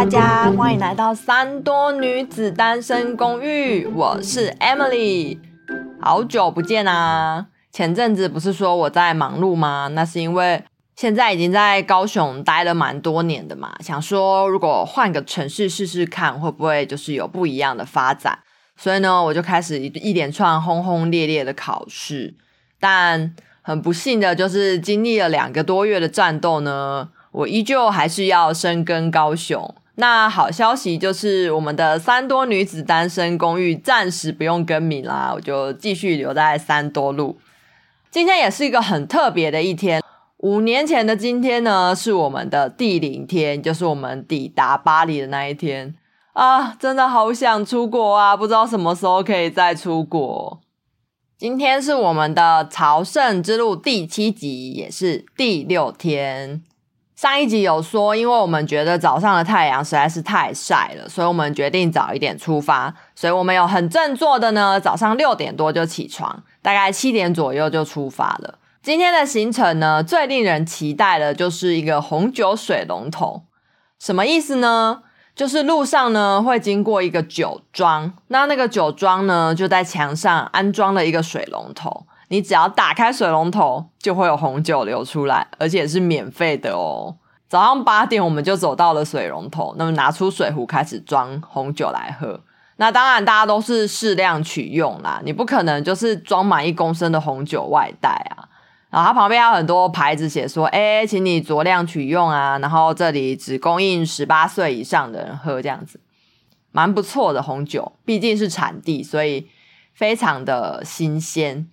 大家歡迎來到三多女子單身公寓，我是 Emily，好久不見啊！前陣子不是說我在忙碌嗎？那是因為現在已經在高雄待了蠻多年的嘛，想說如果換個城市試試看，會不會就是有不一樣的發展？所以呢，我就開始一連串轟轟烈烈的考試，但很不幸的就是經歷了兩個多月的戰鬥呢，我依舊還是要深耕高雄。那好消息就是，我們的三多女子單身公寓暫時不用更名啦，我就繼續留在三多路。今天也是一個很特別的一天，五年前的今天呢，是我們的第零天，就是我們抵達巴黎的那一天啊，真的好想出國啊，不知道什麼時候可以再出國。今天是我們的朝聖之路第七集，也是第六天。上一集有說，因為我們覺得早上的太陽實在是太曬了，所以我們決定早一點出發。所以我們有很振作的呢，早上六點多就起床，大概七點左右就出發了。今天的行程呢，最令人期待的就是一個紅酒水龍頭。什麼意思呢？就是路上呢會經過一個酒莊，那那個酒莊呢就在牆上安裝了一個水龍頭。你只要打開水龍頭，就會有紅酒流出來，而且是免費的哦。早上八點，我們就走到了水龍頭，那麼拿出水壺開始裝紅酒來喝。那當然，大家都是適量取用啦，你不可能就是裝滿一公升的紅酒外帶啊。然後它旁邊有很多牌子寫說：“誒，請你酌量取用啊。”然後這裡只供應十八歲以上的人喝，這樣子蠻不錯的紅酒，畢竟是產地，所以非常的新鮮。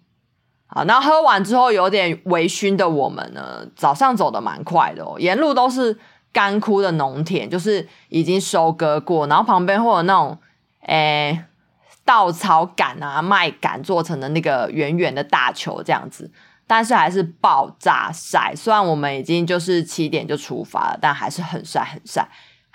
好，然後喝完之後有點微醺的我們呢，早上走得蠻快的哦，沿路都是乾枯的農田，就是已經收割過，然後旁邊會有那種誒、欸、稻草杆啊、麥杆做成的那個圓圓的大球這樣子，但是還是爆炸晒，雖然我們已經就是七點就出發了，但還是很曬很曬。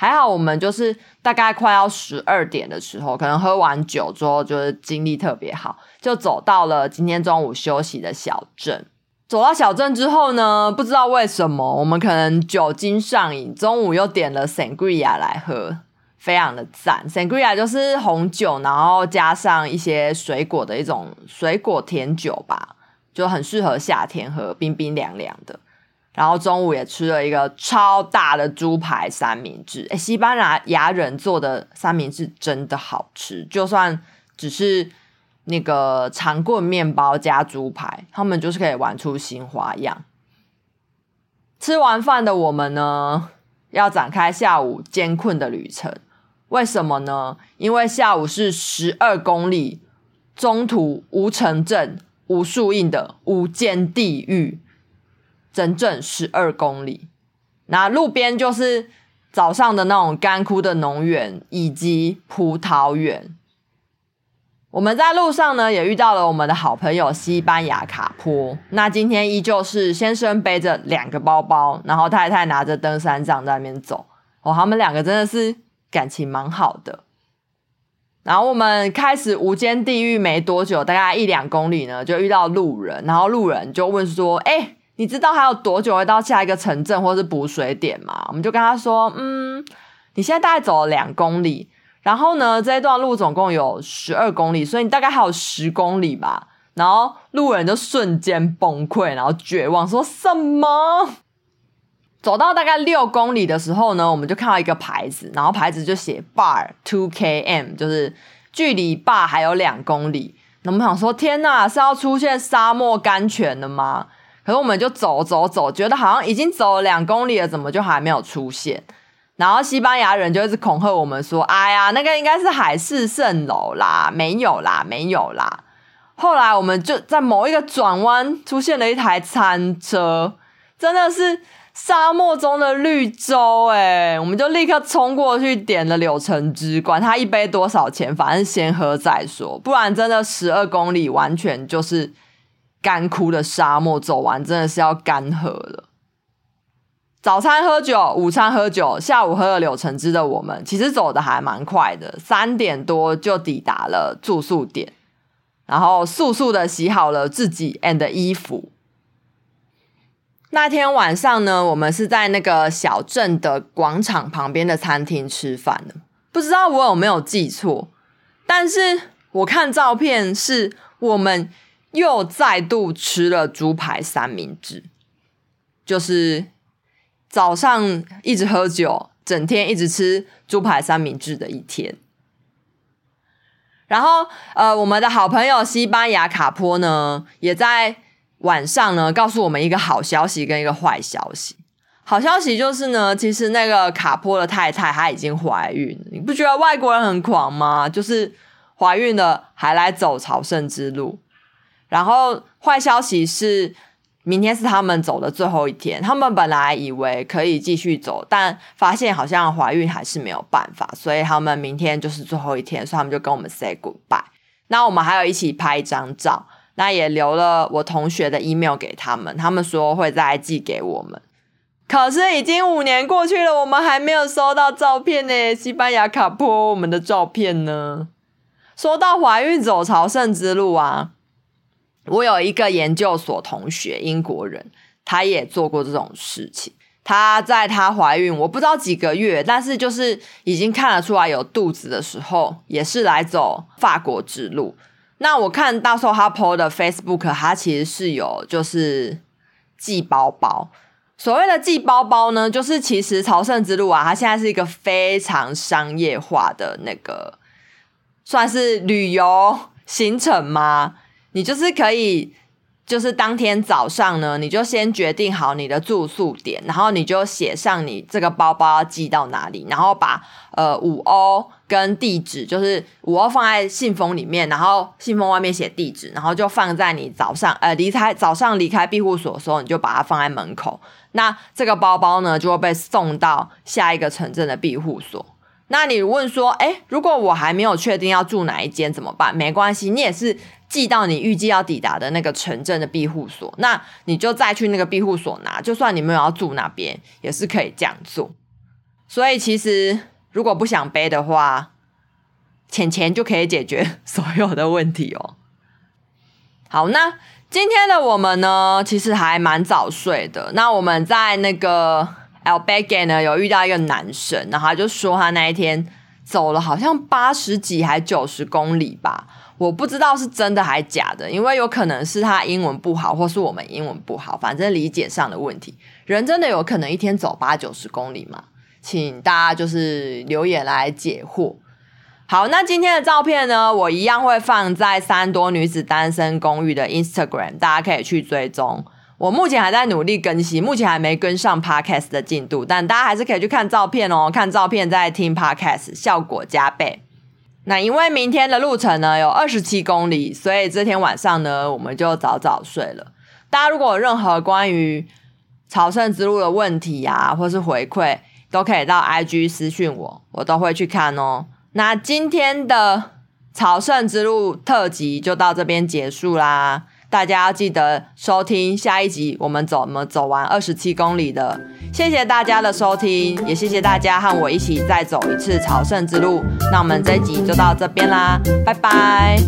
還好我們就是大概快要十二點的時候，可能喝完酒之後就是精力特別好，就走到了今天中午休息的小鎮。走到小鎮之後呢，不知道為什麼，我們可能酒精上癮，中午又點了 Sangria 來喝，非常的讚。Sangria 就是紅酒，然後加上一些水果的一種水果甜酒吧，就很適合夏天喝，冰冰涼涼的。然後中午也吃了一個超大的豬排三明治，誒，西班牙人做的三明治真的好吃，就算只是那個長棍麵包加豬排，他們就是可以玩出新花樣。吃完飯的我們呢，要展開下午艱困的旅程，為什麼呢？因為下午是十二公里，中途無城鎮、無樹蔭的無間地獄。整整十二公里，那路邊就是早上的那種乾枯的農園以及葡萄園。我們在路上呢，也遇到了我們的好朋友西班牙卡坡。那今天依舊是先生背着兩個包包，然後太太拿着登山杖在那邊走。哦，他們兩個真的是感情蠻好的。然後我們開始無間地獄沒多久，大概一兩公里呢，就遇到路人，然後路人就問說：“哎、欸。”你知道還有多久會到下一個城鎮或是補水點嗎？我們就跟他說：“嗯，你現在大概走了兩公里，然後呢，這一段路總共有十二公里，所以你大概還有十公里吧。”然後路人就瞬間崩潰，然後絕望，說什麼？走到大概六公里的時候呢，我們就看到一個牌子，然後牌子就寫 “bar two km”，就是距離 bar 還有兩公里。那我們想說：“天吶，是要出現沙漠甘泉了嗎？”可是我們就走走走，覺得好像已經走了兩公里了，怎麼就還沒有出現？然後西班牙人就一直恐嚇我們說：“哎呀，那個應該是海市蜃樓啦，沒有啦，沒有啦。”後來我們就在某一個轉彎出現了一台餐車，真的是沙漠中的綠洲哎、欸！我們就立刻衝過去點了柳橙汁，管他一杯多少錢，反正先喝再說。不然真的十二公里完全就是。乾枯的沙漠走完真的是要乾涸了。早餐喝酒，午餐喝酒，下午喝了柳橙汁的我們，其實走的還蠻快的，三點多就抵達了住宿點，然後速速的洗好了自己 and 的衣服。那天晚上呢，我們是在那個小鎮的廣場旁邊的餐廳吃飯的，不知道我有沒有記錯，但是我看照片是我們。又再度吃了豬排三明治，就是早上一直喝酒，整天一直吃豬排三明治的一天。然後，呃，我們的好朋友西班牙卡波呢，也在晚上呢，告訴我們一個好消息跟一個壞消息。好消息就是呢，其實那個卡波的太太她已經懷孕了，你不覺得外國人很狂嗎？就是懷孕了還來走朝聖之路。然後壞消息是，明天是他們走的最後一天。他們本來以為可以繼續走，但發現好像懷孕還是沒有辦法，所以他們明天就是最後一天，所以他們就跟我們 say goodbye。那我們還有一起拍一張照，那也留了我同學的 email 給他們，他們說會再寄給我們。可是已經五年過去了，我們還沒有收到照片呢。欸，西班牙卡波我們的照片呢？說到懷孕走朝聖之路啊。我有一個研究所同學，英國人，他也做過這種事情。他在他懷孕，我不知道幾個月，但是就是已經看得出來有肚子的時候，也是來走法國之路。那我看到時候他 PO 的 Facebook，他其實是有就是寄包包。所謂的寄包包呢，就是其實朝聖之路啊，它現在是一個非常商業化的那個，算是旅遊行程嗎？你就是可以，就是當天早上呢，你就先決定好你的住宿點，然後你就寫上你這個包包要寄到哪裡，然後把呃五歐跟地址，就是五歐放在信封裡面，然後信封外面寫地址，然後就放在你早上呃離開早上離開庇護所的時候，你就把它放在門口。那這個包包呢，就會被送到下一個城鎮的庇護所。那你問說，哎、欸，如果我還沒有確定要住哪一間怎麼辦？沒關係，你也是寄到你預計要抵達的那個城鎮的庇護所，那你就再去那個庇護所拿。就算你沒有要住那邊，也是可以這樣做。所以其實如果不想背的話，錢錢就可以解決所有的問題哦、喔。好，那今天的我們呢，其實還蠻早睡的。那我們在那個。Albergue 呢，有遇到一個男生，然後他就說他那一天走了好像八十幾還九十公里吧，我不知道是真的還假的，因為有可能是他英文不好，或是我們英文不好，反正理解上的問題。人真的有可能一天走八九十公里嘛？請大家就是留言來解惑。好，那今天的照片呢，我一樣會放在三多女子單身公寓的 Instagram，大家可以去追蹤。我目前還在努力更新，目前還沒跟上 podcast 的進度，但大家還是可以去看照片哦，看照片再聽 podcast，效果加倍。那因為明天的路程呢有二十七公里，所以這天晚上呢我們就早早睡了。大家如果有任何關於朝聖之路的問題啊，或是回饋，都可以到 IG 私訊我，我都會去看哦。那今天的朝聖之路特輯就到這邊結束啦。大家要記得收聽下一集我們走，我們怎麼走完二十七公里的？謝謝大家的收聽，也謝謝大家和我一起再走一次朝聖之路。那我們這一集就到這邊啦，拜拜。